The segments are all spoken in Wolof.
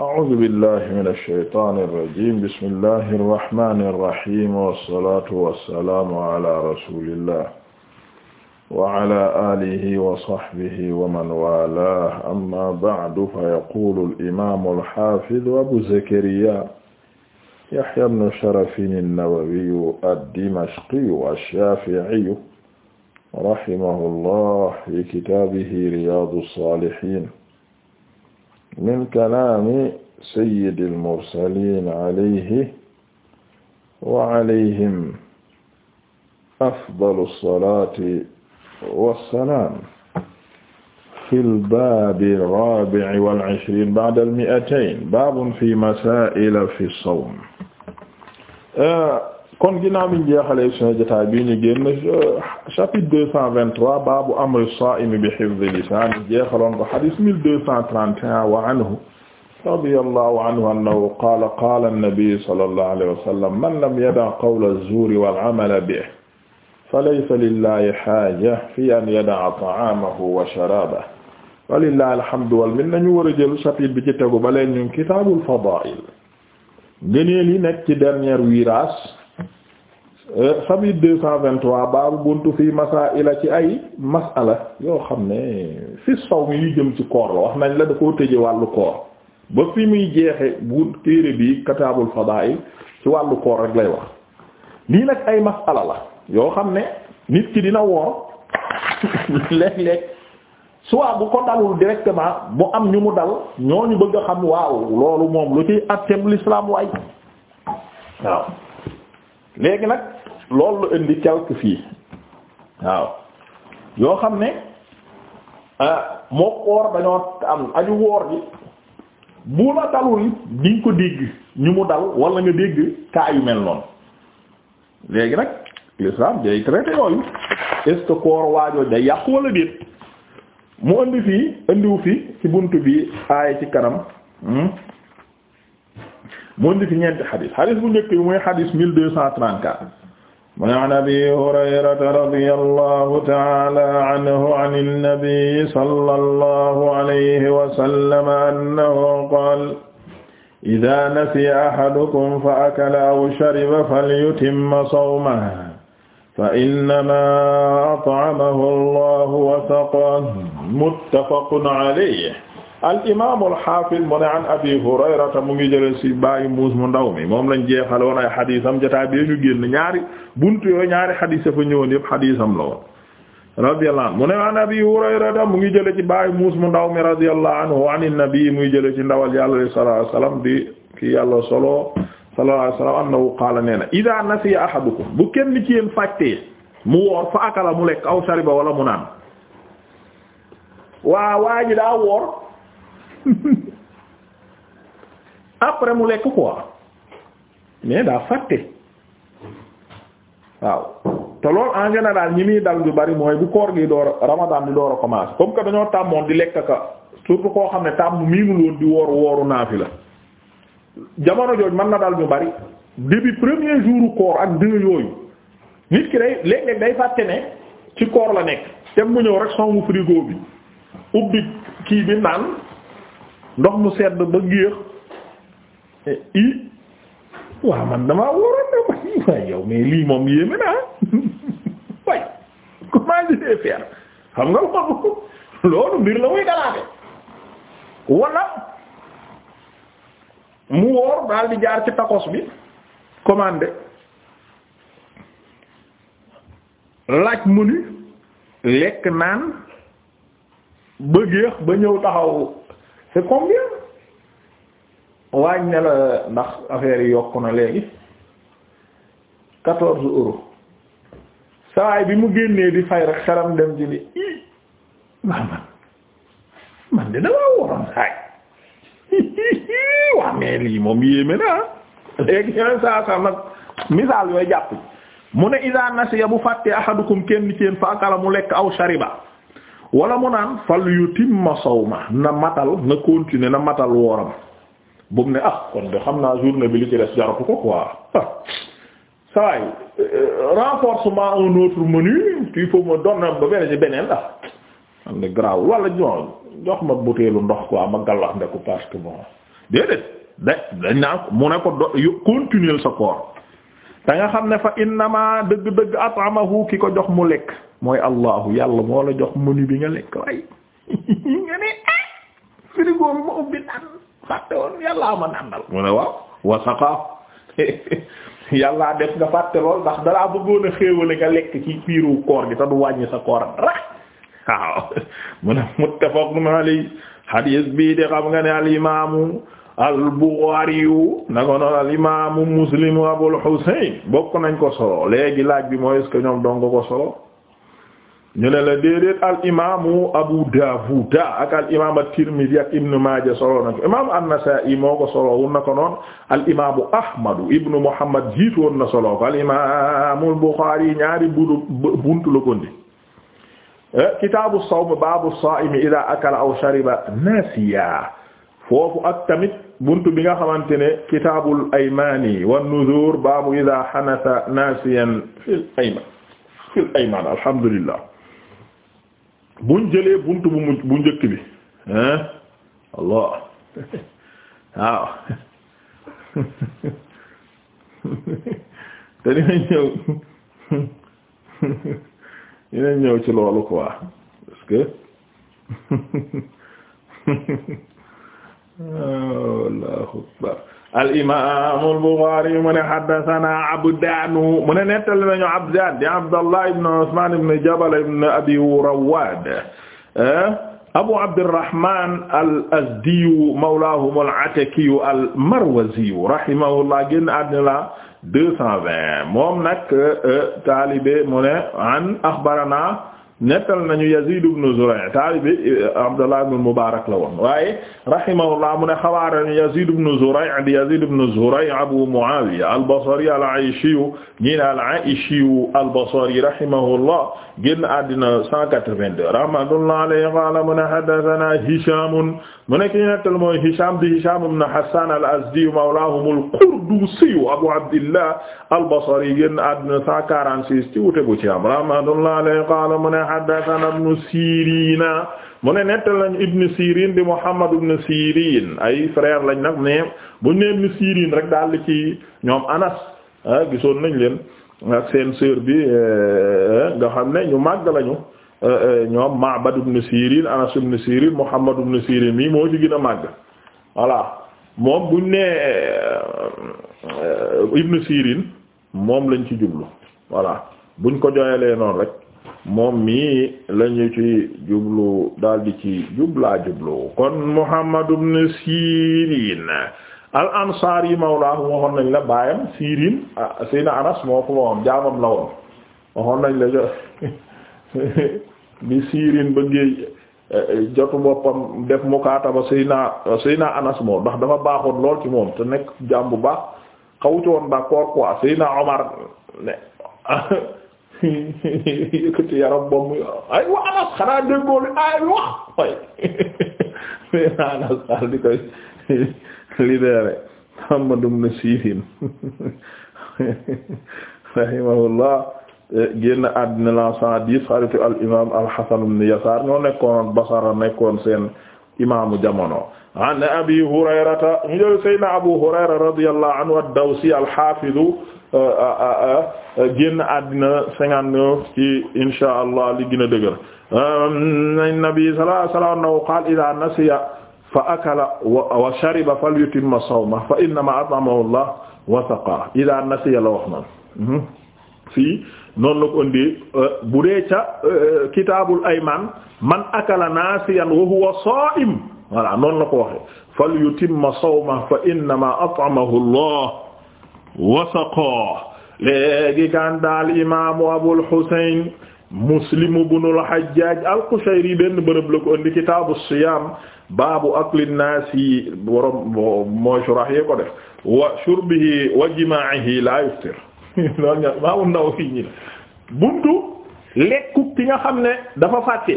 أعوذ بالله من الشيطان الرجيم بسم الله الرحمن الرحيم والصلاة والسلام على رسول الله وعلى آله وصحبه ومن والاه أما بعد فيقول الإمام الحافظ أبو زكريا يحيى بن شرف النووي الدمشقي الشافعي رحمه الله في كتابه رياض الصالحين min kalaami sayyidil mursaliin alayhi wa alayhim afdalu salaati wa salaam fil baabi raabi'i wal ishriin ba'dal mi'atayn baabun fii masaa'ila fi sawm. kon ginnaaw mi jeexalee suñu jotaay bi ñu génn chapitre deux cent vingt trois baabu amri saa'imi bi hifzi lisaani jeexaloon ko hadith mille deux cent trente et un wa anhu radiyallahu anhu annahu qaala qaala an-nabi sallallahu alayhi wa sallam man lam yada' qawla az-zuuri wal 'amala bihi falaysa lillahi haaja fi an yada'a ta'aamahu wa sharaabahu walillahi alhamdu wal minna ñu war a jël chapitre bi ci tegu ba léegi ñu kitaabul fadaa'il gëneel yi nekk ci dernier virage Euh, famille deux cent vingt-trois baabu buntu fii masaila ci ay masala yoo xam ne fi saw mi yu jëm ci koor la wax nañ la da koo tëje wàllu koor ba fi muy jeexe bu téere bi kataabul fadaa'il ci wàllu koor rek lay wax lii nag ay masala la yoo xam ne nit ki dina woor léeg-léeg soit bu ko dalul directement bu am ñu mu dal ñu bëgg a xam waaw loolu moom lu ciy atteb l'islam waay waaw léegi nag loolu la indi quelque fii waaw yoo xam ne ah, moo woor dañoo am aju woor bi bu la dalul di nga ko dégg ñu mu dal wala nga dégg kaa yu mel noonu léegi nag l'islam day traité yooyu est-ce que day yàqu wala déet mu indi fii indiwu fi ci bunt bi aay ci kanam hmm? moo indi fi ñeenti xadis xadis bu njëkk bi mooy xadis 1234 mu ne an abi hurayrata radiyallahu ta'ala anhu an an-nabi sallallahu alayhi wa sallam annahu qaala idaa nasiya ahadukum fa akala aw shariba falyutimma sawmahu fa innamaa at'amahu allahu wa saqaahu muttafaqun alayhi al imaam mu ne abi hurayrata mu ngi jëlee ci bàyyi muus mu ndaw mi moom lañ jeexale woon ay xadiisam jotaay bi ñu génn ñaari buntu yooyu ñaari xadiis fa ñëwoon yëpp xadiisam la woon radiyallahu mu ne an abi hurayrata mu ngi jëlee ci bàyyi muus mu ndaw mi radiyallahu anhu an nabi muy jëlee ci ndawal yàlla sallallahu alayhi wasallam bi kii yàlla solo sallallahu alayhi wasallam annahu qaala nee na idaa nasiya ahadukum bu kenn ci yéen fàttee mu woor fa akala mu wala mu naan après mu lekk quoi mais daa fàtte waaw te loolu en général ñi muy dal yu bari mooy bu koor gi door ramadan di door a commencer comme que dañoo tàmmoon di lekk ka surtout koo xam ne tàmm miinul woon di wooru wooru naafi la jamono jooj mën na dal yu bari début premier jour koor ak deux yooyu nit ki day léeg-léeg day fàtte ne ci koor la nekk te mu ñëw rek songu frigo bi ubbi kii bi naan ndox mu sedd ba géex i waaw man damaa waroon na way waay yow mais lii moom yéeme naa way comment je vais faire xam nga loolu mbir la muy galaate wala mu woor daal jaar ci tacos bi commandé laaj menu lekk naan ba géex ba ñëw taxaw c'est combien waañ ne la ndax affaire yi yokku na léegi quatorze euros sawaay bi mu génnee di fay rek xaram dem ci ni i waa man man de damaa waroon saay waa mais lii moom yéeme naa léegi saa saa nag misaal yooyu jàpp mu ne iza nasiya bu fàttee ahadukum kenn ci yeen fa akala mu lekk aw shariba wala mu naan fal yutimma sawma na matal na continuer na matal wooram bu mu ne ah kon de xam naa journée bi li ci des jaratu ko quoi saa ah. yi euh, renforcement un autre menu il faut me donner ba beneen ah am na graw wala ñoo jox ma butéelu ndox quoi ma gàllax ndeku parce que bon déedéet da dañ naa mu ne ko do continuer sa koor danga xam ne fa innama dëgg-dëgg at'amahu ki ko jox mu lekk mooy allahu yàlla moo la jox menu bi nga lekk waaye nga ne ah frigo bi ma ubbi naan fàtte woon yàllaa ma nàndal mu ne waaw wasaqaa yàllaa def nga fàtte lool ndax dalaa bëggoon a xéewale nga lekk ci piiru koor gi te du wàññi sa koor ra waaw mu ne muttafaqun alayhi hadis bii de xam nga ne al al-Bukhariyu naka noonu al-imaamu Muslim Abul Husayn bokk nañ ko solo léegi laaj bi mooy est-ce que ñoom dong ko solo ñu ne la déedéet al-imaamu Abu Dawud ak al-imaam at-Tirmidhi ak Ibn Maaja solo nañ ko imaamu an moo ko solo woon na ko noonu al-imaamu Ahmadu Ibn Muhammad jiitu na solo ko al-imaamu al-Bukhari ñaari buntu la ko ndi eh, kitaabu sawm baabu saa'imi idhaa akala aw shariba nasiya foofu ak tamit. buntu bi nga xamante ne kitaabul aymaani wan baabu idaa xanasa naasiyan fil aymaan alhamdulillah buñ jëlee buntu bu bu njëkk bi ah Allah waaw te dina ñëw ci loolu quoi parce allahu akbar al imaam al Buxaari mu ne haddasanaa Abdaanu mu ne nettali nañu Abdaan di Abdallah ibn Usmaan ibn Jabal ibn Abi Rawwaad Abu Abdirrahmaan al-Azdiyu mawlaahum al-Atakiyu al-Marwaziyu rahimahullah génn àddina la 220 moom nag euh, euh, taalibe mu ne an axbaranaa nettal nañu Yazid ibn Zuray' taalibi eh, Abdullah ibn Mubarak la woon waaye rahimahullah mu ne xabaar nañu Yazid ibn Zuray' di Yazid ibn Zuray' Abu Muawiya al-Basri al-Aishi ñi ne al-Aishi al-Basri rahimahullah génn àddina 182 rahmatullah alayhi qala mu ne haddathana Hisham mu ne ki nettal mooy Hisham di Hisham ibn Hassan al-Azdi mawlahum al-Qurdusi Abu Abdillah al-Basri génn àddina 146 ci wute bu ci am rahmatullah alayhi qala mu ne haddathana ibnu Sirin mu ne nettal lañ ibnu Sirin di Muhammad ibnu Sirin ay frère lañ nag mais buñ ne ibnu Sirin rek daal di ci ñoom Anas ah, gisoon nañ leen ak seen sœur bi eh, nga xam ne ñu màgg lañu eh, eh, ñoom Ma'bad ibnu Sirin Anas ibnu Sirin Muhammad ibnu Sirin mii moo ci gën a màgg voilà moom buñ ne ibnu Sirin moom lañ ci jublu voilà buñ ko jooyalee noonu rek moom mi lañu ci jublu daldi ci jublaa jublu kon Muhammad ibn Sirin al Ansari mawlaahu waxoon nañ la baayam Sirin ah, Seydina Anas moo ko moom jaamam la woon waxoon nañ la bi Sirin bëggee eh, jotu boppam def mukaataba Seydina Seydina Anas moom ndax dafa baaxoon lool ci moom te nekk jaam bu baax xaw ci woon d'accord quoi Seydina Omar yëkkati yaram ba mu anas xanaa déggoo li ay wax way mais anas daal di koy libéré Muhammad ibn Sirin rahimahullah génn àddina la cent dix xaritu al imam al Hasan ibn Yasar ñoo nekkoon Basra nekkoon seen imaamu jamono an abi Hurayrata ñu jël Seydina Abu Hurayra radiyallahu dawsi al-Hafiz euh, euh, euh, génn àddina cinquante neuf ci insha allah li gën a dëgër nabi sallallahu alayhi wasallam naw qaal ida nasiya fa akala wa shariba falyutimma sawma fa innama at'amahu allah wa saqa ida nasiya la wax noonu mhm. fii noonu la ko indi bu dee ca euh, kitaabul ayman man akala nasiyan wa huwa sa'im voilà noonu la ko waxee falyutimma sawma fa innama at'amahu allah wa saqa léegi kan daal imaamu Abul Husayn Muslim ibn al-Hajjaj benn bërëb la ko indi kitaabu siyaam baabu akli naasi borom mooy shuraax yee ko def wa shurbihi wa jimaa'ihi laa yuftir loolu nga Imaamu Nawawi buntu lekku ki nga xam ne dafa fàtte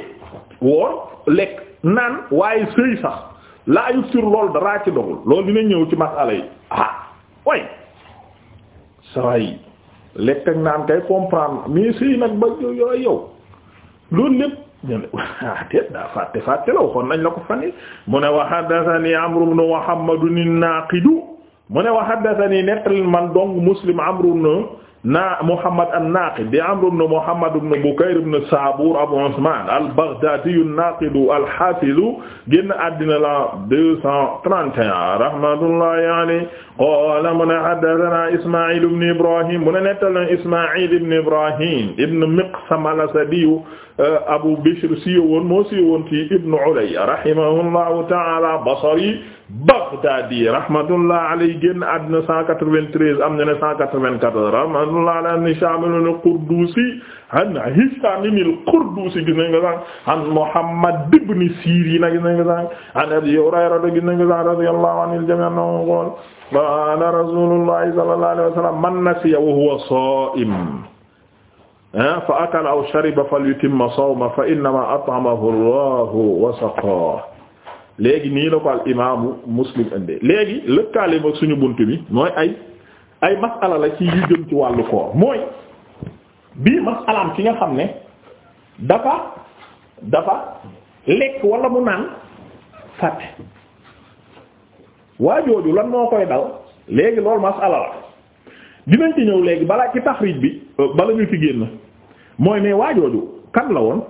woor lekk naan waaye sëy sax laa yuftir loolu daraa ci dogul loolu dina ñëw ci masala yi ah way saway lekk ak naan kay comprendre mais si nag ba yooyu yow loolu lépp ñene ah, déet daa fàtte fàtte la waxoon nañ la ko fan mu ne wa haddathani Amr ibn Muhammad an-Naqid mu ne wa haddathani nettali man dong Muslim Amr na Muhammad an-Naqid di Amr ibn Muhammad ibn Bukayr ibn Sabur Abu Usman al-Baghdadi an-Naqid al-Hafiz génn àddina la 231 rahmatullahi alayhi qala mu ne haddathana Isma'il ibn Ibrahim mu ne nettali Isma'il ibn Ibrahim ibn Miqsam al-Asadi Abu Bishr siiwoon moo siiwoon ci Ibn Ulayya rahimahullahu ta'ala Basri Baghdadi rahmatullah alayhi génn àddina 193 am na ne 194 rahmatullah alayhi am na Shaamil al-Qurdusi an Hishaam al-Qurdusi gis nañ ko sax an Muhammad ibn Sirin gis nañ ko sax an Abi Hurayra gis nañ ko sax radiyallahu anil jami' annahu qaala qaala rasuulullahi sallallahu alayhi wa sallam man nasiya wa huwa saa'im fa akala aw shariba falyutimma sawmahu fa innamaa at'amahu Allahu wa saqaahu léegi nii la ko al imaamu muslim indee léegi lëkkaale ak suñu bunt bi mooy ay ay masala la ci yu jëm ci wàllu koor mooy bii masalaam ki nga xam ne dafa dafa lekk walla mu naan fàtte waa lan moo koy dal léegi loolu masala la dinañ ci ñëw léegi balaa ci taxriij bi euh, bala ñu ci génn mooy ne waa jooju kan la woon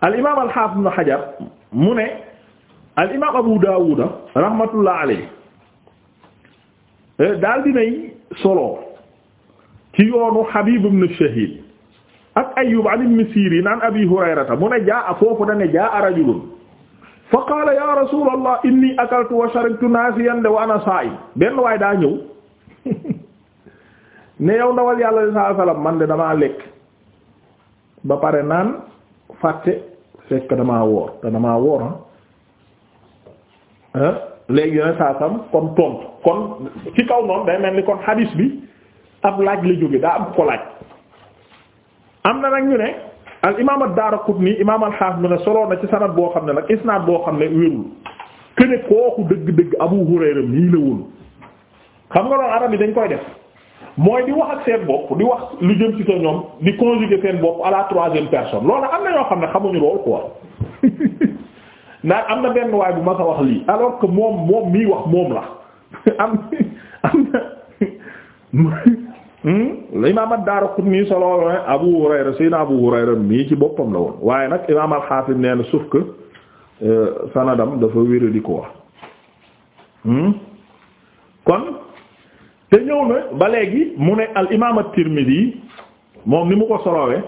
al imaam al haafid ibn Hajar mu ne al imaam Abu Daawud rahmatullah alayhi eh, daal dinay solo ci yoonu Habib ibn Shahid ak Ayyub an ibn Sirin Abi Hurayrata mu ne jaa foofu da jaa rajulun fa qaala ya rasulallah inni akaltu wa sharibtu naasiyan de wa ana saa'im waay daa ñëw ne yow ndawal yàlla sallallahu alayhi wasallam man de damaa lekk ba pare naan. fàtte fekk damaa woor te damaa woor ah, ah léegi nag saa kon tontu kon ci kaw noonu day mel ni kon hadis bi ab laaj la jóge daa am ko laaj am na nag ñu ne al imaam ad-Daaraqutni imaam al-Haafiz mu soloon na ci sanad boo xam ne nag isnaad boo xam ne wérul këne kooku dëgg-dëgg Abu Hurayra nii la woon xam nga loolu arab yi dañ koy def mooy di wax ak seen bopp di wax lu jëm ci sa ñoom di conjuguer seen bopp à la troisième loolu am na ñoo xam ne xamuñu lool quoi naan am na benn waay bu ma sa wax lii alors que moom mii wax moom la am am na hmm? imaam ad-Daaraqutni solo Abu Hurayra sayna Abu Hurayra mii ci boppam la woon waaye nag imaam al-Haafis nee na sauf que euh, sanadam dafa wéra ko wax hmm? kon te ñëw na ba léegi mu ne al imaam at-Tirmidhi moom ni mu ko solowee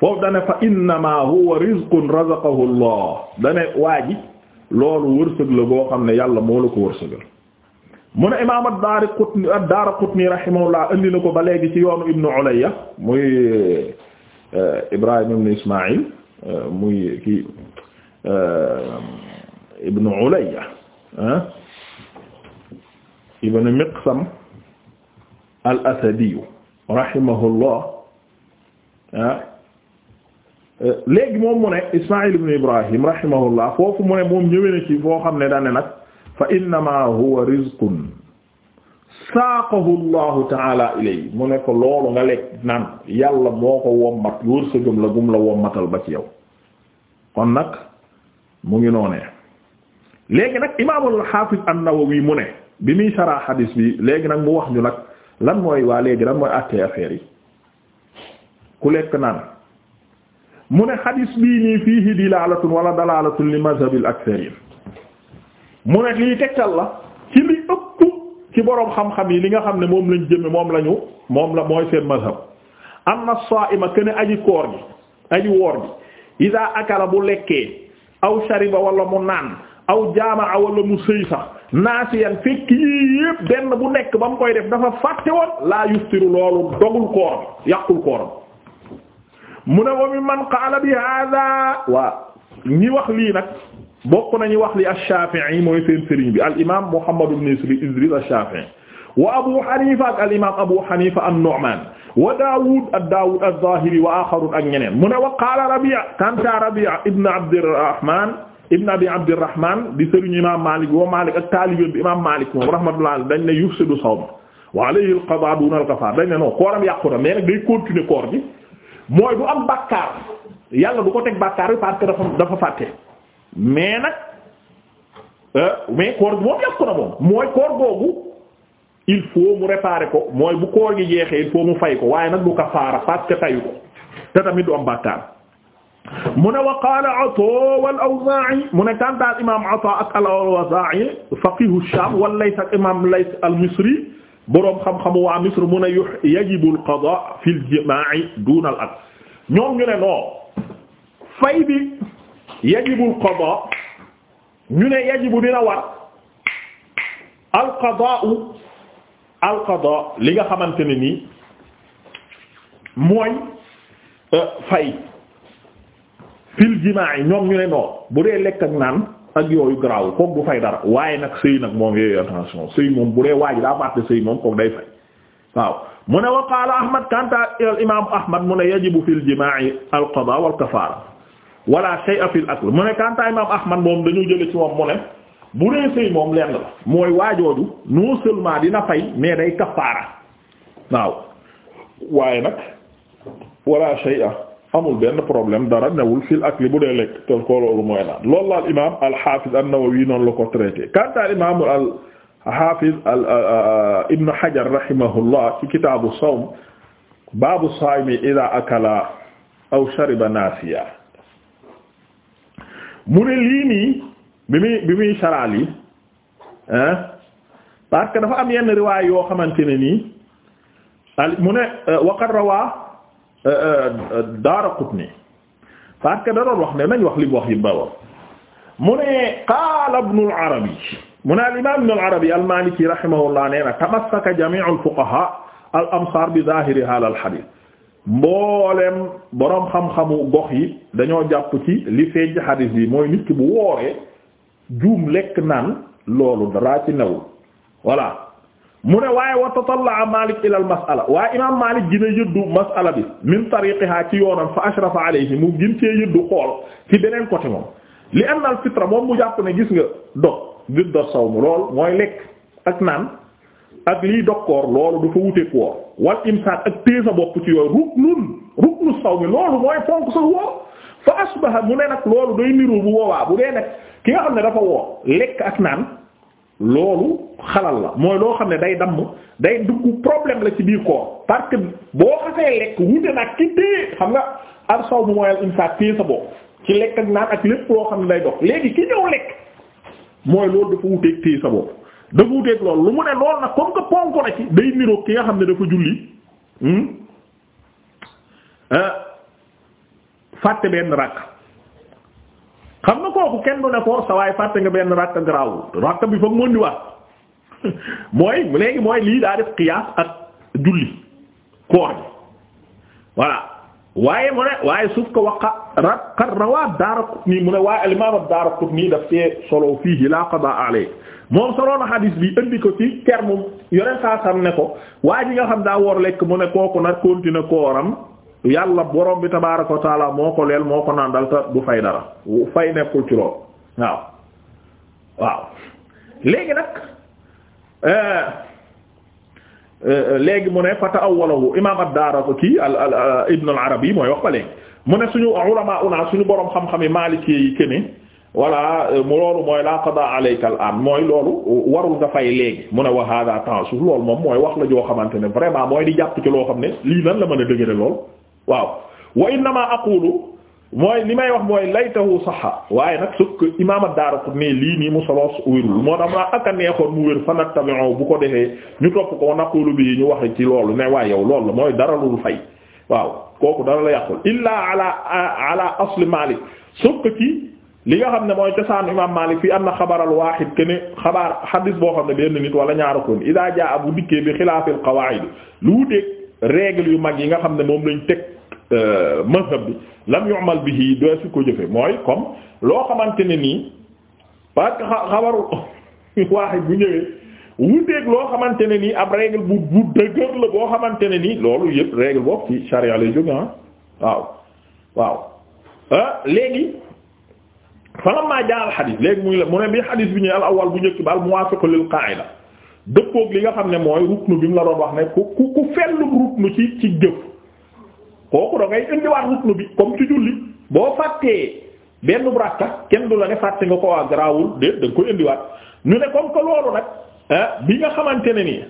foofu fa innama huwa rizqun razaqahu Allah dane waa ji loolu wërsëg la boo xam ne yàlla moo la ko wërsëgal mu ne imaam ad-Daraqutni ad-Daraqutni rahimahullah indi na ko ba léegi ci yoonu Ibnu Ulayya muy euh, Ibrahim ibn Ismaïl euh, muy kii euh, Ibnu Ulayya Ibnu Miqsam al asadiyu rahimahullah ah léegi moom mu ne ismail ibn ibrahim rahimahullah foofu mu ne moom ñëwee na ci foo xam ne daan ne nag fa innama huwa rizqun saaqahu allahu taala ilay mu ne ko loolu nga lekk naan yàlla moo ko wommat yóor sa gëm la gum la wommatal ba ci yow kon nag mu ngi noonee léegi nag imaamul xaafis an-Nawawi mu ne bi muy saraa xadiis bi léegi nag mu wax ñu nag lan mooy waa léegi lan mooy àttee affaire yi ku lekk naan mu ne xadis bii nii fiihi dilaalatun wala dalaalatu li mazhabil aktharin mu ne lii tegtal la ci li ëpp ci boroom xam-xam yi li nga xam ne moom lañ jëme moom lañu moom la mooy seen mazhab anna saa'ima kaana aji koor gi aji woor gi idaa akala bu lekkee aw shariba wala mu naan aw jaama wala mu sëy sax naasiyan fekk yii bu nekk ba mu koy def dafa fàtte woon laa yuftiru loolu dogul kooram yàqul kooram mu ne wa mi man qaala bi hada waa ñi wax lii nag bokk nañu wax li ash-Shafi'i mooy seen sëriñ bi al imaam Muhammad ibn Idris ash-Shafi'i wa Abu Hanifa ak al imaam Abu Hanifa an-Nu'man wa Daawud ak Daawud az-Zahiri wa axarun ak ñeneen mu wa qaala Rabi'a kanta Rabi'a ibn ibn abi abdirahman di sëriñu imam malik boo malik ak taalibeem bi imam malik moom rahmatullah dañ ne yufsidu sawma wa alayhi alqada duna alkafaar dañ ne non kooram yàqu na mais nag day continuer koor gi mooy du am bàkkaar yàlla du ko teg bàkkaar bi parce que dafa fàtte mais nag euh, mais koor gi moom yàqu na moom mooy koor googu il faut mu réparer ko mooy bu koor gi jeexee il faut mu fay ko waaye nag du kafaara parce tayu ko te tamit du am bàkkaar mu ne wa qaala Ataa wal Awzaa'i mu ne kantaal imaam Ataa ak al Awzaa'i faqihu Shaam wal Layth ak imaam Layth al Misri boroom xam-xamu waa Misr mu ne yajibu al qadaa fi al jimaa'i duuna al aqd ñoom ñu ne non fay bi yajibu al qadaa ñu ne yajibu dina war al qadaa'u al qadaa li nga xamante ne nii mooy euh, fay. fil jimaa ñoom ñu ne non bu dee lekk ak naan ak yooyu garaaw kook du fay dara waaye nag sëy nag moom yooyu attention sëy moom bu dee waaj daa fàtte sëy moom kook day fay waaw mu ne wa qaala ahmad kanta al imaamu ahmad wal kafaara wala shay'a fil moom dañu jële ci moom mu ne bu dee sëy moom lenn la mooy waajooju non seulement dina fay mais day kafaara waaw waaye nag wala shay'a amul benn problème dara newul fil akli bu dee lekk te ko loolu mooy naan loolu la al imaam al xaafiz an-Nawawi noonu la ko traité quant à imaam al xaafiz al Ibn Hajar rahimahullah ci kitaabu sawm baabu saaymi idaa akala aw shariba naasiya mu ne lii nii bi muy bi muy saraal yi hein parce que dafa am yenn riwaay yoo xamante ne nii al mu ne waqad rawaa Euh, euh, euh, Daaraqutni parce que da doon wax ne nañ wax li mu wax yi ba wax mu ne qaala Ibnu al-Arabi mu ne al-imaam Ibnu al-Arabi al-Maaliki rahimahullah nee na tamassaka jamii'u al-fuqahaa al-amsaar bi zaahirihaa ala al-hadiis mbooleem boroom xam-xamu gox yi dañoo jàpp ci li feeñ ci xadiis bi mooy nit ki bu wooree juum lekk naan loolu daraa ci newul voilà mu ne waaye wa tatallaa Malik ila al mas'ala waaye imaam Malik dina yëddu mas'ala bi min tariqiha ci yoonam fa ashrafa alayhi mu gën cee yëddu xool ci beneen côté moom li anna al fitra moom mu jàpp ne gis nga dog di dog saw mu lool mooy lekk ak naan ak liy dog koor loolu dafa wute koor wal imsaak ak téye sa bopp ci yooyu ruknun ruknu saw mi loolu mooy fonk sa woor fa asbaha mu ne nag loolu day niru bu woowaa bu dee nag ki nga xam ne dafa woor lekk ak naan loolu xalal la mooy loo xam ne day damm day dugg problème la ci biir koor parce que boo xasee lekk wute nag ki téye xam nga ar saw bu mooy al insaat téye sa bopp ci lekk ak naan ak lépp loo xam ne day dox léegi ki ñëw lekk mooy loolu dafa wuteeg téye sa bopp dafa wuteeg loolu lu mu ne loolu nag comme que ponk na ci day niroog ki nga xam ne dafa julli hmm? ah, fàtte benn rakk xam nga kooku kenn du ne ko sa waay fàtte nga benn rakk garaawul rakk bi foog mu ndiwaat mooy léegi mooy lii daa def qiyaas ak julli koor gi voilà waaye mu ne waaye suuf ko waqa rakka rawaa Daaraqutni mu ne waaye al-imaam Daaraqutni daf cee solo fii laa qadaa alayhi moom solo na xadiis bi indi ko ci terme yore saa ne ko waa bi nga xam daa wor lekk mu ne kooku nag continuer kooram. yàlla borom bi tabaaraka wa taala moo ko leel moo ko naan dal ta du fay dara fay nekkul ci lool waaw waaw léegi nag euh, euh, léegi mu ne fata awwalahu imaam ad-Daaraqutni al al Ibn arabi mooy wax ba léegi mu ne suñu ulamaa una suñu borom xam-xam yi Maliki yi kenn voilà euh, mu loolu mooy laa qadaa alayka al mooy loolu warul nga fay léegi mu ne wa haadaa ta'assuf lool moom mooy wax la joo xamante ne vraiment mooy di jàpp ci loo xam ne lii lan la mën a dëgëre lool. waaw wa innama aqulu mooy li may wax mooy laytahu saxa waaye nag su ko imaam ad-Daaraqutni lii mu solo wérul moo tax ak a neexoon mu wér fanattabi'u bu ko defee ñu topp ko naqulu bi ñu wax ci loolu ne waaye yow loolu la mooy dara lu fay waaw kooku dara la yàqul illaa ala ala asli Maalik sukk ci li nga xam ne mooy cosaanu imaam Maalik fii am na xabaral waaxid que ne xabaar xadiis boo xam ne benn nit wala ñaara ko idaa jaa bu dikkee bi xilaafil qawaa'id lu wuteek règle yu mag yi nga xam ne moom lañ teg euh, mazhab bi lam yu'mal bi doo si ko jëfe mooy comme loo xamante ne nii parce que xabaru waaxid bu ñëwee wuteeg loo xamante ne nii ab règle bu dëgër la boo xamante ne nii loolu yëpp règle boobu ci charia lay jóge ah waaw waaw euh, léegi falamma jaa al xadiis léegi mu ne bi xadiis bi ñëw al awwal bu njëkk ba al lil qaa'ida dëppoog li nga xam ne mooy ruknu bi mu la doon wax ne ku ku ku fellu ruknu ci ci jëf kooku da indiwaat ruknu bi comme ci julli boo fàttee benn brakka kenn du la ne fàtte nga ko waa garaawul déet da koy indiwaat ñu ne comme que loolu nag ah bi nga xamante ne nii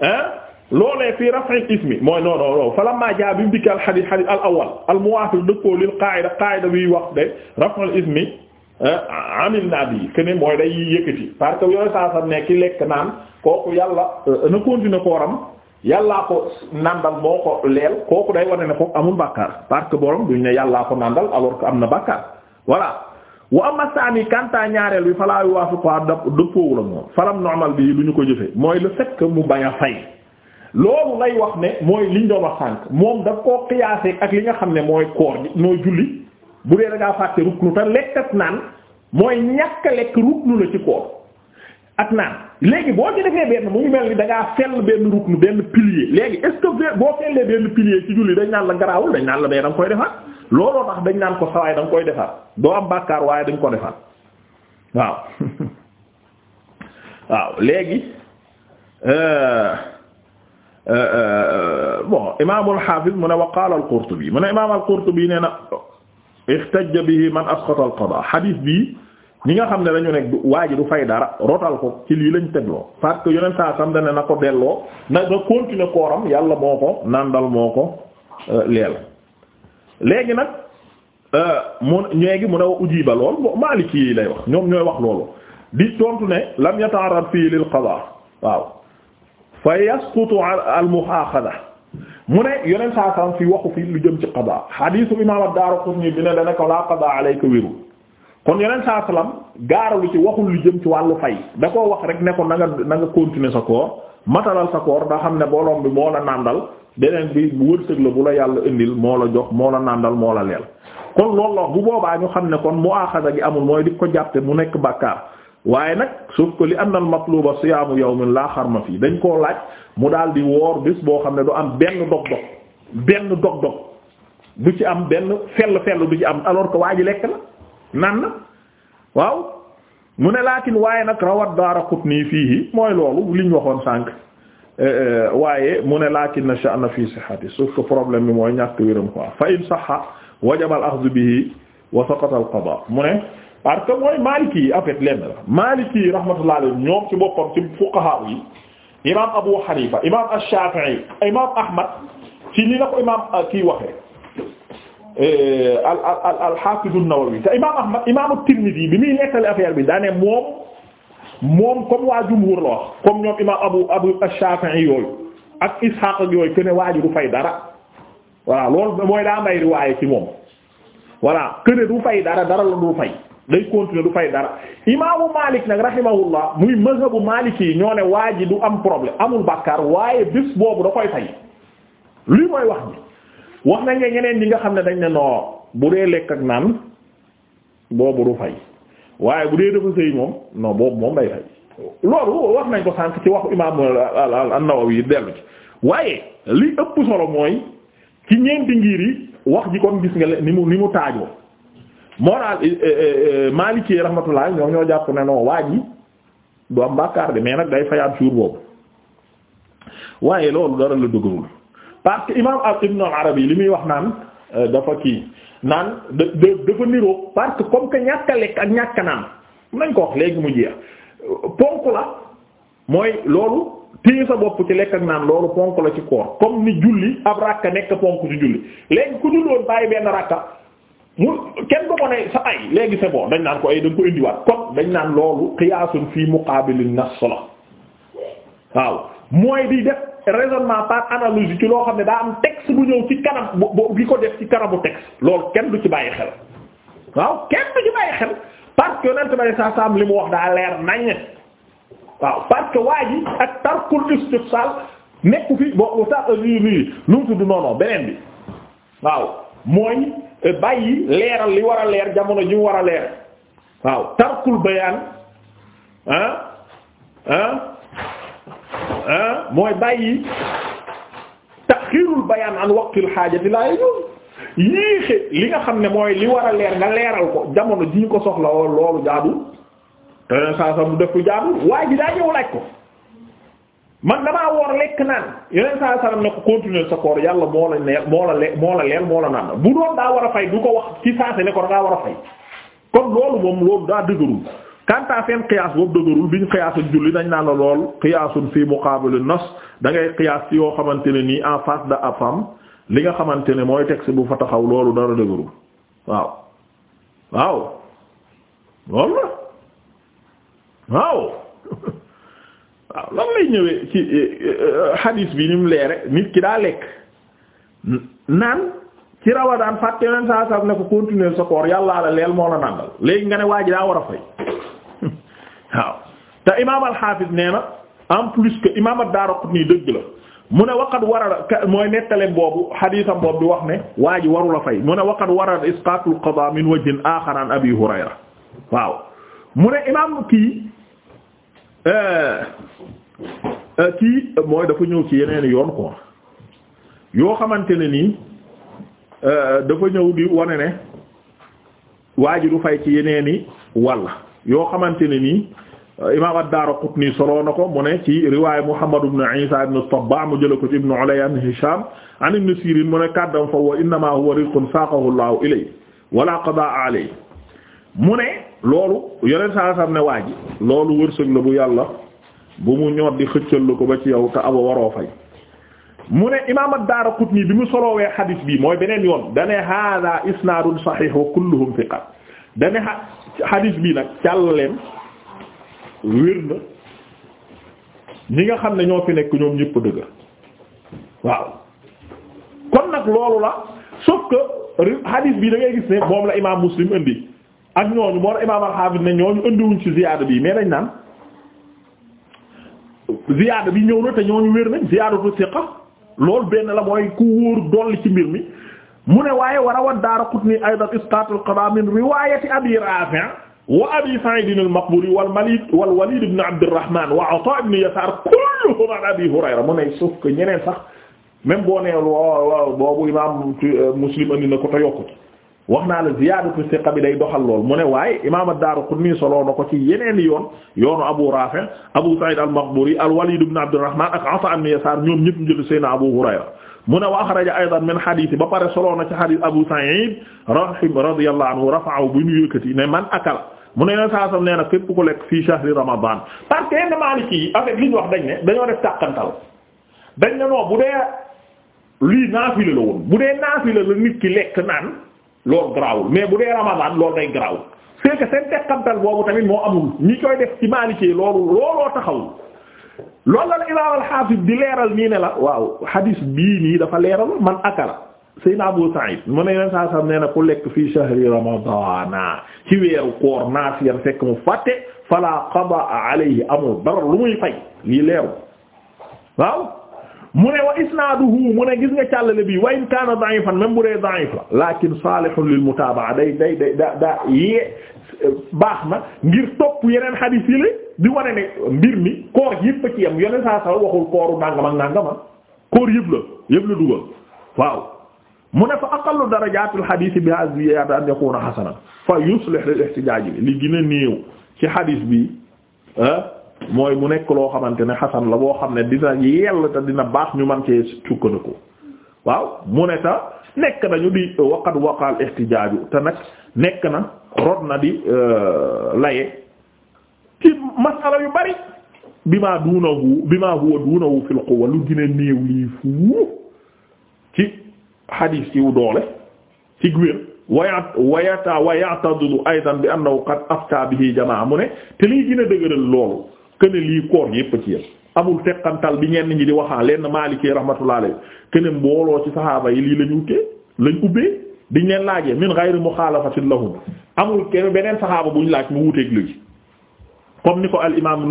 ah loolee fii raf'il ismi mooy non non non falamma jaa bi mu dikkee al hadith hadith al awwal al muwaafiq dëppoo lil qaa'ida qaa'ida biy wax de raf'il ismi Eh, amin naa bi que mooy day yëkkati parce que yooyu saa sam ne ki lekk naan kooku yàlla eh, na continuer kooram yàllaa ko nàndal moo ko leel kooku day wane ne kooku amul bàkkaar parce que borom duñ ne yàllaa ko nàndal alors que am na bàkkaar voilà wa ama saani kanta ñaareel bi falaa yuwaafiqu ah, dëppoowul ak moom falam normal bi lu ñu ko jëfe mooy le fait mu bañ a fay loolu lay wax ne mooy liñ doon wax sànk moom daf koo qiyaase ak li nga xam ne mooy koor mooy bu dee da ngaa fàtte ruknu te lekk ak naan mooy ñàkk lekk ruknu la ci koor ak naan léegi boo ci defee benn mu ngi mel ni da ngaa benn ruknu benn pilier léegi est-ce que boo fellee benn pilier ci julli dañ naan la garaawul dañ naan la dee danga koy defar looloo tax dañ naan ko sawaay danga koy defar doo am bàkkaar waaye dañ ko defar waaw waaw léegi euh, euh, euh, bon imaamul xaafis mu ne wa qaala al mu ne imaam al-Qurtubi nee na. ihtajja bihi man asqata al qada hadith bi ñi nga xam ne dañu nekk waa ji du fay dara rotal ko ci lii lañ tegloo parce que yeneen saa sam na ko delloo na na continuer kooram yàlla moo ko nandal moo ko euh, leel léegi nag euh, mu ñeegi mu ne wa ujiba lool maaliki yi lay wax ñoom ñooy wax loolu di tontu ne lam yata'arrad fii lil qada waaw fa yasqutu al muaxada mu ne yeneen saa saam fi waxu fi lu jëm ci qada xadiisu imaam ad-Daaraqutni bi ne dana ko laa qada alayka wérul kon yeneen saa salaam gaaralu ci waxul lu jëm ci wàllu fay da ko wax rek ne ko nanga nga na sa koor matalal sa koor da xam ne booloom bi moo la nàndal beneen bi bu wërsëg la bu la yàlla indil moo la jox moo la nàndal moo la leel kon loolu la bu boobaa ñu xam ne kon mu aaxasa gi amul mooy di ko jàppe mu nekk bàkkaar waaye nag sauf que li anna al matluba siyaamu yawmin laa xarma fii dañ koo laaj mu daal di woor bés boo xam ne du am benn dog-dog benn dog-dog du ci am benn fell-fell du ci am alors que waa ji lekk na nan waaw mu ne laakin waaye nag rawat Daaraqutni fii mooy loolu li ñu waxoon sànq eh, eh, waaye mu ne laakin na sha'na fii sihhati sauf que problème bi mooy ñàkk wéram quoi fa in sahha wajaba al akhdhu bihi wa saqata al qada mu ne parce que mooy Maliki yi en fait lenn la Maliki yi rahmatullah alayhi ñoom ci boppam ci fuqaha yi imaam Abu Hanifa imaam Ash-Shafi'i imaam Ahmad ci ni la ko imaam ah, kii waxee eh, al al al al-Hafiz an-Nawawi te imaam Ahmad imaam Tirmidhi bi muy nettali affaire bi daa ne moom moom comme waa jumhur la wax comme ñoom imaam Abu Abu Ash-Shafi'i ak Ishaq ak yooyu que ne waa dara voilà loolu mooy daa may riwaaye ci moom voilà que dara dara la du day continuer du fay dara imaamu Malik nag rahimahullah muy mazhabu Maliki yi ñoo ne waa ji du am problème amul bàkkaar waaye bés boobu da koy fay lii mooy wax ji wax nañ nga ñeneen ñi nga xam ne dañ ne noo bu dee lekk ak naan boobu du fay waaye bu dee dafa sëy moom non boobu moom day fay loolu wax nañ ko sànq ci wax imaamu an-Nawawi dellu ci waaye li ëpp solo mooy ci ñeenti ngir yi wax ji kon gis nga ni mu ni mu taajoo moo daal eh, eh, eh, Maliki rahmatullah ñoom ñoo jàpp ne non waa ji du am bàkkaar de mais nag day fayaat jour boobu waaye loolu dara la dëgërul parce que imam al Ibn yi li muy wax naan euh, dafa kii naan da dafa niroo parce que comme que ñàkk lekk ak ñàkk a naan nañ ko wax léegi mu jeex ponk la mooy loolu téye sa bopp ci lekk ak naan loolu ponk la ci koor comme ni julli ab rakka nekk ponk ci julli léegi ku julloon bàyyi benn rakka. ñu kenn du ko ne sa ay léegi c'est bon dañ naan ko ay dañ ko indiwaat kon dañ naan loolu qiyaasun fii muqaabilin nas la waaw mooy di def raisonnement par analogie ci loo xam ne daa am texte bu ñëw ci kanam bu bi ko def ci kanamu texte loolu kenn du ci bàyyi xel waaw kenn du ci bàyyi xel parce que yonent bari saa saam li mu wax daa leer nañ waaw parce que waa ji ak tarkul istifsal nekku fi boo tax lii lii lu mu tudd noonu beneen bi waaw mooy bàyyi leeral li war a leer jamono ji mu war a leer waaw tarkul bayaan ah ah ah mooy bàyyi taxirul bayaan an waqtil xaajati laa yajuz yéexe li nga xam ne mooy li war a leer nga leeral ko jamono ji ñu ko soxla woon loolu jaadu te saa saa mu def ko jaadu waaye ji daa ñëw laaj ko man damaa woor lekk naan yeneen saa salaam ne ko continuer sa koor yàlla moo la neel moo la le moo la leel moo la naan bu doon daa war a fay du ko wax ci saase ne ko da war a fay kon loolu moom loolu daa dëgërul kanta seen qiyaas boobu dëgërul bi ñu qiyaas ak julli dañ naan la lool qiyaasun fii muqaabil nas da ngay ci yoo xamante ne nii en face de afam li nga xamante ne mooy texte bu fa taxaw loolu dara dëgërul waaw waaw loolu la waaw waaw lan lay ñëwee ci eh, eh, hadis bi ni mu leere nit ki daa lekk naan ci ramadaan fàtte leen saa saa ne ko continuer sa koor yàllaa la leel moo la nàndal léegi nga ne waa ji daa war a fay waaw imaam al-Hafiz na en plus que imaam ad-Daraqutni dëgg la mu ne waqad warada mooy nettale boobu hadisam boobu di wax ne waa ji warul a fay mu ne waqad warada isqaatul qadaa min wajhin aaxar Abi Hurayra waaw mu ne imaam kii. Euh, euh, kii euh, mooy dafa ñëw ci yeneen yoon quoi yoo xamante ne nii dafa ñëw di wane ne waa ji du fay ci yeneeni wàll yoo xamante ne nii imaam daar daaraqutni soloo na ko mu ne ci riwaaya Muhammad ibn Isa ibn Tabbaa mu jële ko ci Ibn Ulayya ibn Hisham an Ibn Sirin mu ne kàddam fa wa innamaa huwa rizqun saaqahu Allahu ilayhi wala qadaa alayhi mu ne loolu yeneen saa sam ne waa ji loolu wërsëg la bu yàlla bu mu ñor di xëccal la ko ba ci yow te aba waroo fay mu ne daara ad nii bi mu soloowee xadis bi mooy beneen yoon dane hada isnaadun saxiix wa kulluhum thiqa dane xadis bi nag càllaleem wér na ñi nga xam ne ñoo fi nekk ñoom ñëpp dëgg waaw kon nag loolu la sauf que xadis bi da gis ne moom la imaam Muslim indi ak ñooñu moo imaam al-Hafiz ñooñu indiwuñ ci ziyaada bi mais dañ naan ziyaada bi ñëw na te ñooñu wér nañ ziyaadatu thiqa loolu benn la mooy ku wóor dolli ci mbir mi mu ne waaye war a wa Daaraqutni aydan isqat al min riwaayati Abi Raafi' wa Abi Sa'iid al wal Maliid wal Waliid ibn Abdirrahmaan wa Yasaar kulluhum an Abi Hurayra mu ne ñeneen sax même boo nee imaam euh, Muslim andi na ko te wax naa la ziyaadatu siqa bi day doxal lool mu ne waaye imaam ad-Daaraqutni soloo na ko ci yeneen yoon yoonu Abu Raafi Abu Saïd al-Maqburi al-Waliid ibn Abdurrahmaan ak Ataa ibn Yasaar ñoom ñëpp njël seen Abu Hurayra mu ne wa axraja aydan min xadiis ba pare soloo na ci xadiis Abu Saïd rahim radiyallahu anhu rafa'ahu bi ñu yëkkati ne man akala mu ne leen saa sam nee na képp ko lekk fii shahri Ramadan parce que yenn Maliki yi avec li ñu wax dañ ne dañoo def tàqantal bu dee la woon loolu garaawul mais bu dee ramadan loolu day garaawul c'est que seen teqantal boobu tamit moo amul ñi koy def ci maalikee loolu looloo taxawul loolu la imaam al-Hafiz di leeral nii la waaw hadis bii nii dafa leeral man akal Seydina Abu Sa'id mu ne yeneen saa sax nee na ku lekk fii shahri ramadana ci weeru koor naasiyan fekk mu fàtte fala qada alayhi amul dara lu muy fay lii leeru mu ne wa isnaaduhu mu gis nga càllale bi wa in kaana da'ifan même bu dee da'if la lakin salihun lil mutaaba'a day day day da da yee baax na ngir topp yeneen xadiis yi di wane ne mi koor yëpp a ci yam yeneen saa sala waxul kooru nàngam ak nàngama ah koor yëpp la yëpp an yakuna hasanan fa yuslih lil ihtijaj ci xadiis bi ah mooy mu nekk loo xamante ne xasan la boo xam ne dina yell te dina baax ñu man cee sukkandiku waaw mu ne ta nekk nañu di euh, waqad waqal ihtijaaju te nag nekk na rod na di euh, laye ci masala yu bari bi maa duunahu bi maa huwa duunahu fil quwwa lu gën néew lii fuuf ci xadiis yu doole ci gwér waya wayata wayatadulu aidan bi annahu qad afta bihi jamaa mu ne te lii gën a loolu këne lii koor gi yëpp ci yéen amul teqantal bi ñenn ñi di waxaa lenn Maliki rahmatullah alayhi këne mbooloo ci saxaaba yi lii lañu uttee lañ ubbee diñ leen laajee min ghayri mukhalafatin lahum amul kenn beneen saxaaba bu ñu laaj mu wuteeg léegi comme ni ko al imaam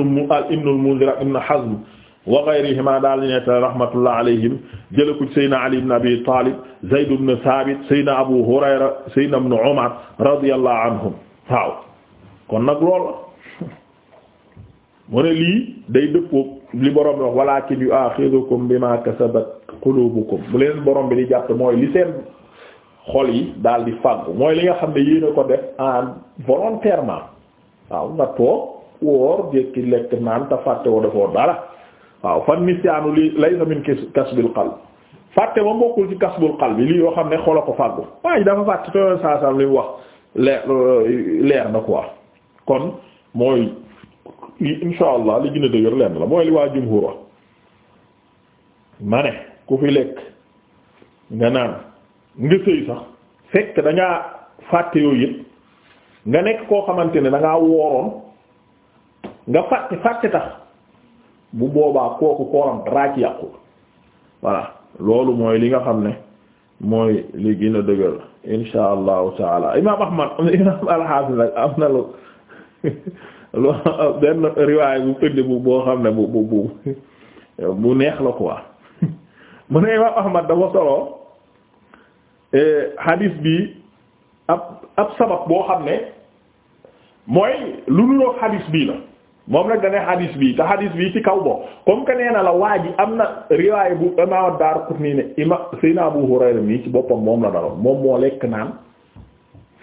ibn al-Munzir ibn Hazm wa ghayrihima daal di nekk rahmatullah alayhim jëlee ko Seydina Ali ibn Abi Talib Zayd ibn Thabit Seydina Abu Hurayra Seydina ibn Umar radiyallahu anhum waaw kon mu ne lii day dëppook li borom bi wax walaakin yu'aaxizukum bimaa kasabat quluubukum bu leen borom bi di jàpp mooy li seen xol yi daal di fàggu mooy li nga xam ne yéen a ko def en volontairement waaw nga toog woor jékki lekk naan te fàtte woo defoo dara waaw fan nisyaanu li laysa min kasbil qalb fàtte ba bokkul ci kasbul qalb bi lii yoo xam ne xol a ko fàggu waaye dafa fàtte te saa saa li mu wax leer leer na quoi kon mooy. li insha allah li gën a dëgër lenn la mooy li waa jumhur wax ma ne ku fi lekk nga naan nga sëy sax fekk dangaa fàtte yooyu yëpp nga nekk koo xamante ne dangaa wooroon nga fàtte fàtte tax bu boobaa kooku kooram raaj yàqu voilà loolu mooy li nga xam ne mooy li gën a dëgër insha allahu taala imaam ahmad imaam al-hafiz am na lu benn riwaay bu indi bu boo xam ne bu bu bu neex la quoi mu ne imaam Ahmad dafa solo e, hadith bi ab ab sabab boo xam ne mooy lu nuroog hadith bii la moom nag dane hadith bii te hadith bii ci kaw bo comme que nee na la waa ji am na riwaay bu imaam Daaraqutni ne ima Seydina Abu Hurayra mi ci boppam moom la daroon moom moo lekk naan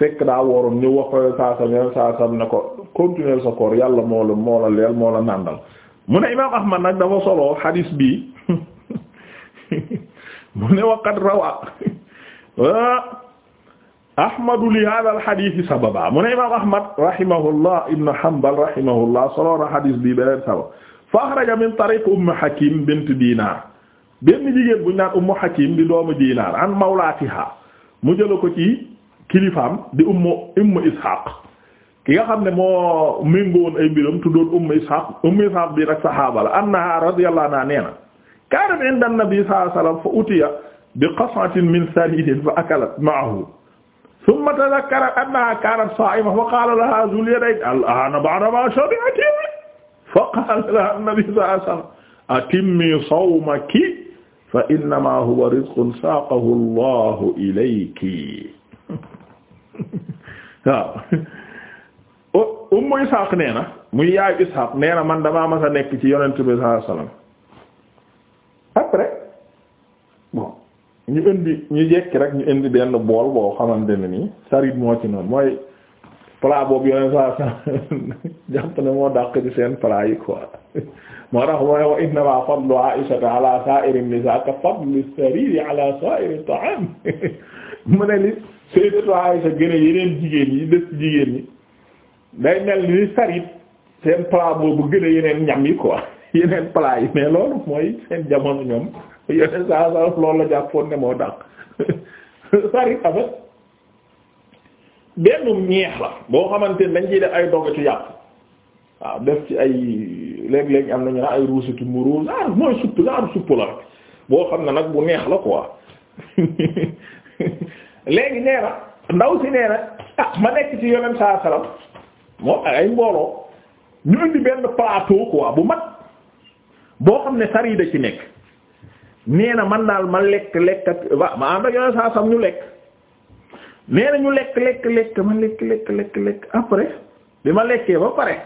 fekk daa woroon ñu wax ko saasam yoon saasam ne ko continuer sa koor yàlla moo la moo la leel moo la nàndal mu ne imaam ahmad nag dafa solo xadiis bi mu ne waqat rawa ahmadu li hada sababa mu ne imaam ahmad rahimahullah ibn hanbal rahimahullah solo na xadiis bi beneen sabab fa axraja min tariq umm hakim bint dinar benn jigéen buñ naan umm hakim di doomu dinar an mawlaatiha mu jëla ko ci kilifaam di ummu ummu ishaq ki nga xam ne moo méngoon ay mbiram tuddoon ummu ishaq ummu ishaq bi nag saxaaba la annaha radiyallahu anha nee na kaanat inda nabi sallallahu alayhi wa sallam fa utiya bi qas'atin min saridin fa akalat ma'ahu thumma tadhakkara annaha kaanat saa'ima fa qaala laha zul yadayn al'aana ba'da ma shari'ti fa qaala laha nabi sallallahu alayhi wa sallam atimmi sawmaki fa innamaa huwa rizqun saaqahu Allahu ilayki waaw ummu Isxaaq nee na muy yaayu Isxaaq nee na man damaa mas a nekk ci yonent bi sallallahu alayhi wasallam après bon ñu indi ñu jekki rek ñu indi benn bool boo xamante ne nii sarit moo ci noonu mooy plat boobu yonent sallallahu alayhi wasallam ne moo dàq ci seen plat yi quoi moo tax mooy wa innama fadlu Aïsata ala sa'iri nisa ka fadli sariri ala sa'iri ta'am mu ne li Sayyidatu Aisha gën a yeneen jigéen yi des jigéen ñi day mel ni sarit seen plat boobu gën a yeneen ñam yi quoi yeneen plat yi mais loolu mooy seen jamono ñoom yeneen saa loolu la jàppoon ne moo dàq sarit boo xamante ne dañ ciy def ay dogg ci yàpp waaw ci ay léeg-léeg am nañu ay ruusatu muru mooy supp genre supp la rek boo xam ne nag bu neex la quoi léegi nee ndaw si nee na ah ma nekk ci yonent saa salaam moom ay mbooloo ñu indi benn plateau quoi bu mag boo xam ne sari da ci nekk nee na man daal ma lekk lekk wa ma ànd ak yonent saa salaam ñu lekk nee na ñu lekk lekk lekk ma lekk lekk lekk lekk après bi ma lekkee ba pare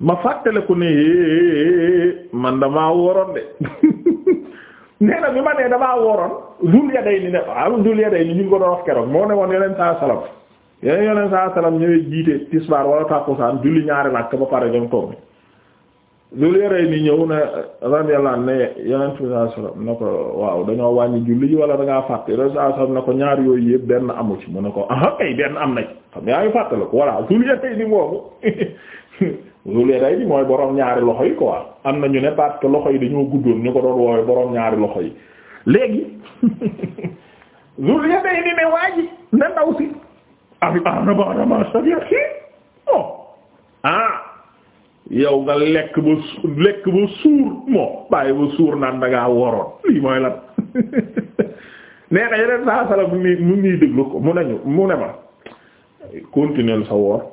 ma fàttale ko ne eh, eh, eh, man damaa woroon de nee na bi nee damaa wooroon Zul Yadayni ne am Zul Yadayni ñu ngi ko doon wax keroog moo ne woon yeneen saa salaam yeneen yeneen saa salaam ñëwee jiite tisbaar wala tàkkusaan julli ñaari làkk ba pare ñoom toog Zul Yadayni ñëw ne radiyallahu anhu ne yeneen saa salaam na ko waaw dañoo wàññi julli ji wala da ngaa fàtte yeneen saa na ko ñaar yooyu yëpp benn amu ci mu ne ko ah kay benn am na ci xam yaa ngi fàttaliku voilà Zul zule day bi mooy borom ñaari loxo yi quoi am na ñu ne parce que loxo yi dañoo guddoon ñu ko doon woowee borom ñaari loxo yi léegi zul yaday ni ne waaji na ndaw si ami ana ah, banama sabia si oh ah yow nga lekk ba su lekk ba suur moo bàyyi ba suur naan da ngaa woroon lii mooy lan nee na yeneen saa sala mu ngi mu ngi déglu ko mu nañu mu ne ma continuer sa woor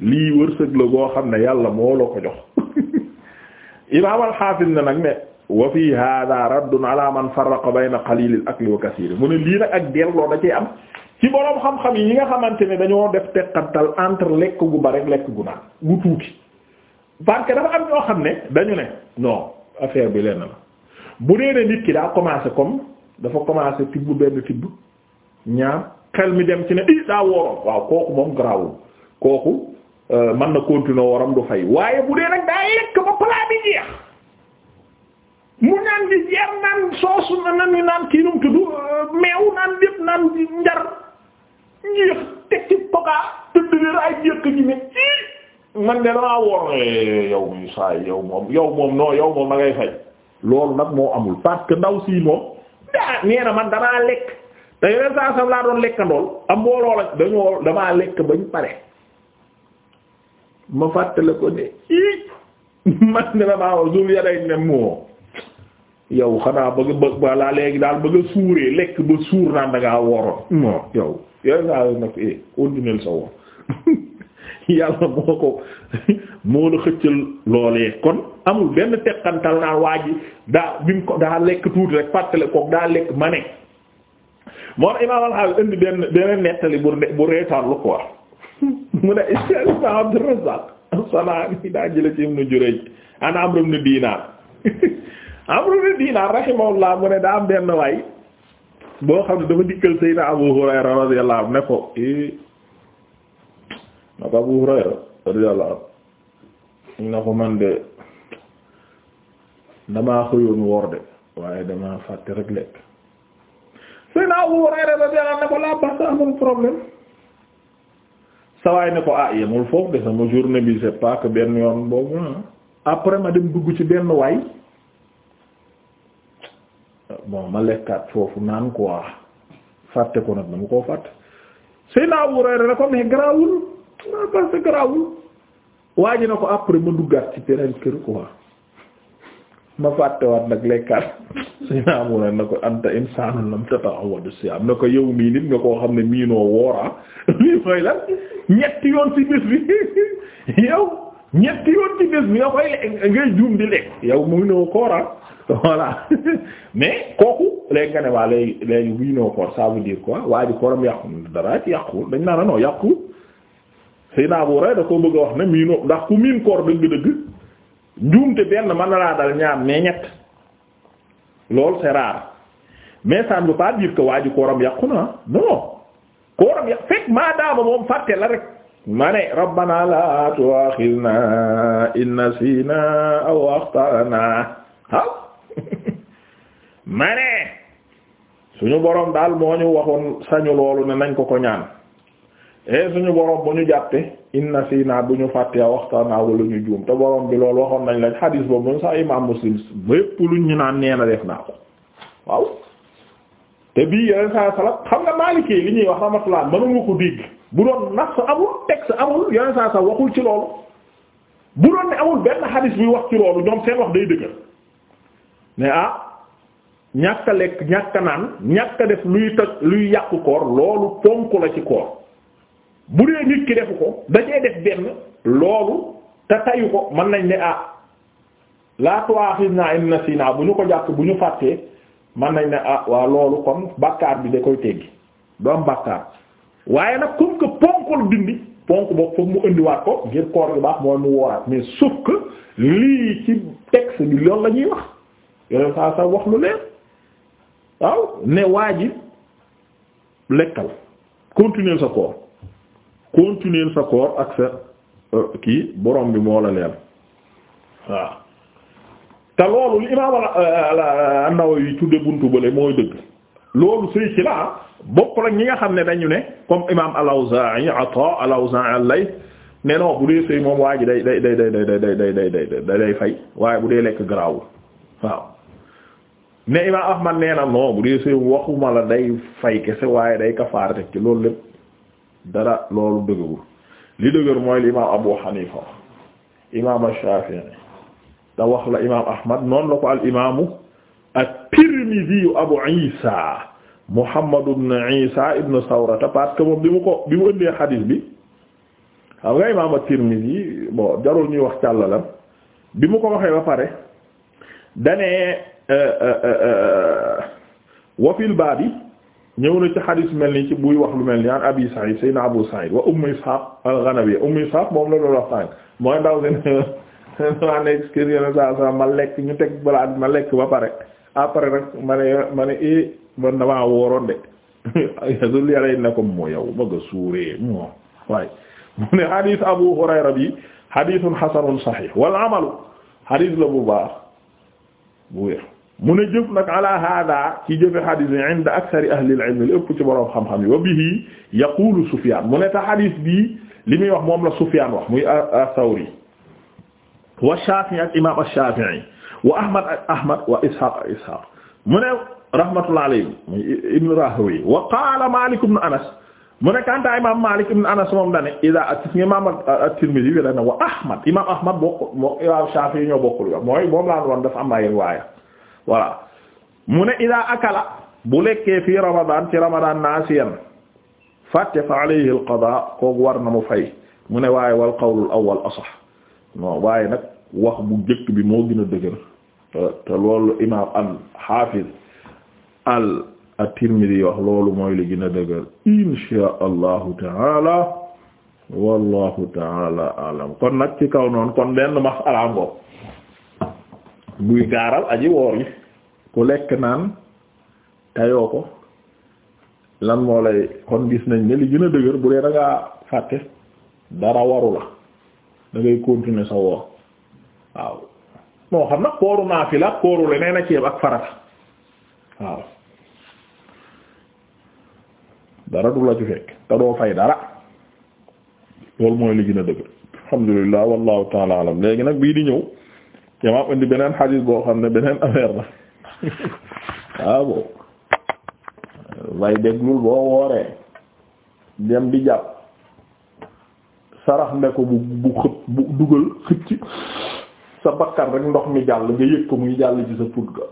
lii wërsëg la goo xam ne yàlla moo la ko jox imaam al-Hafiz na nag ne wa fi hada raddun ala man farraqa bayna qalilil ak wa kasiri mu ne lii nag ak delloo da ciy am ci boroom xam-xam yi nga xamante ne dañoo def teqantal entre lekk gu bari lekk gu naan gu tuuti parce que dafa am ñoo xam ne dañu ne non affaire bi lenn la bu dee ne nit ki daa commencé comme dafa commencé tibb benn tibb ñaar xel mi dem ci ne i daa wooroon waaw kooku moom garaawul Euh, mën na continuer waram du fay waaye bu dee nag daa lekk ba plat bi jeex mu naan di jeex naan soosu naan ñu naan kii num tuddu euh, meew naan lépp naan njar jeex teg ci pokaa tëdd leer ay jëkk ji ne man de damaa woor eh, yow mi saay yow moom yow moom non yow moom da ngay loolu nag moo amul parce que ndaw sii moom daa nee man damaa lekk te yeneen saa laa doon lekkandool am mbooloo la dañoo damaa lekk bañ pare ma fàttale ko ne ii man ne damaa wax suuf yaday ne moo yow xanaa bëgg bëgg balaa léegi daal bëgg a suuree lekk ba suur naan da ngaa woroon moo yow yooyu ngaa yow nag ee continuer sa woor yàlla moo ko moo la xëccal loolee kon amul benn teqantal naan waa ji daa bi mu ko daa lekk tuuti rek fàttale koog daa lekk ma ne moo tax imaam al indi benn benn nettali bu reetaan lu ko wax mu ne ibn Abdurrazzaq as-San'aani daa jële ci Ibn Jurayj an Amr ibn Diinaar Amr ibn Diinaar rahimahullah mu ne daa am benn boo xam ne dafa dikkal Seydina Abu Hurayra radiyallahu anhu ne ko eh, na ko Abu Hurayra radiyallahu anhu na ko man de damaa xëyoon woor de waaye damaa fàtte rek lekk Seydina Abu Hurayra radiyallahu anhu ne ko laa baax amul problème waaye ne ko ah yemul foofu de sama journée bi c'est pas que benn yoon boobu après ma dem dugg ci benn waay bon ma lekkaat foofu naan quoi ah, fàtte ko dama koo fàtte Seydina Abu Hurayra ne ko mais garaawul parce que garaawul waa ji na ko après ma duggaat ci beneen kër quoi ma fàttewaat nag lekkaat si naamu na na ko anta insaanu lam tata'awwadu siyaam na ko yow mii nit nga koo xam ne miinoo woora lii mooy lan ñetti yoon ci bés bi yow ñetti yoon ci bés bi nga koy lekk ngay juum di lekk yow miinoo koora voilà mais kooku léegi nga ne waa léegi léegi miinoo koor ça veut dire quoi waa ji kooram yàqu dara ci yàquwul dañ naa ah nanoo yàqu si naamu rek da koo bëgg a wax ne miinoo ndax ku miin koor dëgg-dëgg njuumte benn mën na laa dal ñaar mais ñett loolu c'est rare mais ça ne veut pas dire kooram yàqu na ah. non kooram yàqu fekk maa daama moom fàtte la rek ma ne rabbana la tu'akhidna in nasina aw akhtana waaw ma ne suñu borom daal moo ñu waxoon sañu loolu ne nañ ko ko ñaan e suñu borom bu ñu jàppe inna si naa bu ñu fàttee waxtaanaa wala ñu juum te borom bi loolu waxoon nañ la xadiis boobu moom sax imaam muslim bépp lu ñu naan nee na def naa ko waaw te bii yeneen saa sallam xam nga maalikee li ñuy wax rahmatullah mënu nga ko dégg bu doon nas amul texte amul yeneen saa sallam waxul ci loolu bu doon ne amul benn xadiis buy wax ci loolu ñoom seen wax day dëggal ne ah ñàkk lekk ñàkk naan ñàkk a def luy toj luy yàq koor loolu ponk la ci koor bu dee nit ki defu ko da def benn loolu te tayu ko mën nañ ne ah laa tu'aaxidnaa in nasiinaa bu ñu ko jàpp bu ñu fàttee mën nañ ne ah waa loolu kon bàkkaar bi da koy teggi du am bàkkaar waaye nag comme que ponkol dindi ponk boobu foog mu indiwaat ko ngir koor yu baax mooy mu wooraat mais sauf que lii ci texte bi loolu la wax yeneen saa sa wax lu leer waaw ne waa ji lekkal continuer sa koor continuer sa koor ak sa kii borom bi moo la leer waa te loolu li imaam an-Nawawi tudde buntu bële mooy dëgg loolu sëy ci laa bokk la ñi nga xam ne dañu ne comme imaam al-Awzaa'i Ataa al-Awzaa'i al-Layth ne non bu dee sëy moom waa ji day day day day day day day day day fay waaye bu dee lekk garaawul waaw ne imaam Ahmad nee na bu dee sëy waxuma la day fay kese waaye day kafaara teg ci loolu lépp dara loolu dëgërul li dëgër mooy li imaam Abu Hanifa imaam Shafi'i da wax la imaam Ahmad noonu la ko al imaamu at-Tirmidhi Abu Isa Muhammad ibn Isa ibn Sawrata parce que bi mu ko bi mu ëndee xadiis bi xam nga imaam at-Tirmidhi bon jarul ñuy wax càllalam bi mu ko waxee ba pare danee euh, euh, euh, wa fil baabi ñëw na ci xadis mel ni ci buy wax lu mel ni an abi Sa'id sayna Abu Sa'id wa Ummu Ishaq al-Ghanawiyya Ummu Ishaq moom la doon wax sànq mooy ndaw si ma lekk ñu teg balaa ma lekk ba pare après rek ma ne ma ne eh man damaa wooroon de yàlla yàlla it ne ko moo yow bëgg suuree moo waaye mu ne xadis Abu Hurayra bi xadisun xasanun saxiix wal amalu xadis la bu baax mu ne jëf nag ala hada ci jëfe xadis bi inda aksari ahli al-ilm li ëpp ci boroom xam-xam yi wa bihi yaqulu Sufyaan mu ne ta xadis bi li muy wax moom la Sufyaan wax muy as-Sawri wa Shaafi'i ak imaam as-Shaafi'i wa Ahmad ak Ahmad wa Ishaaq ak Ishaaq mu ne rahmatullahi alayhi muy Ibn Rahawayh wa qaala Maalik ibn Anas mu ne kanta imaam Maalik ibn Anas moom dane ida atis nga imaam at-Tirmidhi bi dane wa Ahmad imaam Ahmad bokk moom imaam Shaafi'i ñoo bokkul mooy moom laa doon dafa am ay riwaaya voilà mu ne ida akala bu lekkee fii ramadan ci ramadan naasiyan fàtte fa alayhi al qada kooku mu fay mu ne waaye wal qawlul awwal asax non waaye nag wax bu jëkk bi moo gën a dëgër te loolu imam al hafiz al at-Tirmidhi wax loolu mooy li gën a dëgër insha allahu taala wallahu taala alam kon nag ci kon benn masala ngoog buy gaaral aji woor ku lekk naan tayoo ko lan moo lay kon gis nañ ni li gën a dëgër bu dee da ngaa fàtte dara waru la da ngay continuer sa woor waaw moo xam nag kooru naafila kooru leneen a ceeb ak farata waaw dara du la ci fekk te doo fay dara loolu mooy li gën a dëgër alhamdulillah wallahu taala alam léegi nag bii di ñëw yamaam indi beneen xadiis boo xam ne beneen affaire la waaw way déglul boo wooree dem di jàpp sarax ne ko bu bu xëpp bu dugal xëcc sa bakkan rek ndox mi jàll nga yëg ko muy jàll ci sa put ga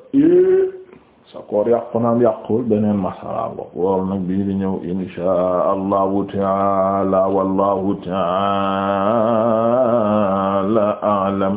sa koor yàqu naam yàqul beneen masala ngo wool nag bii ñëw inshaa allahu taala wallahu taala alam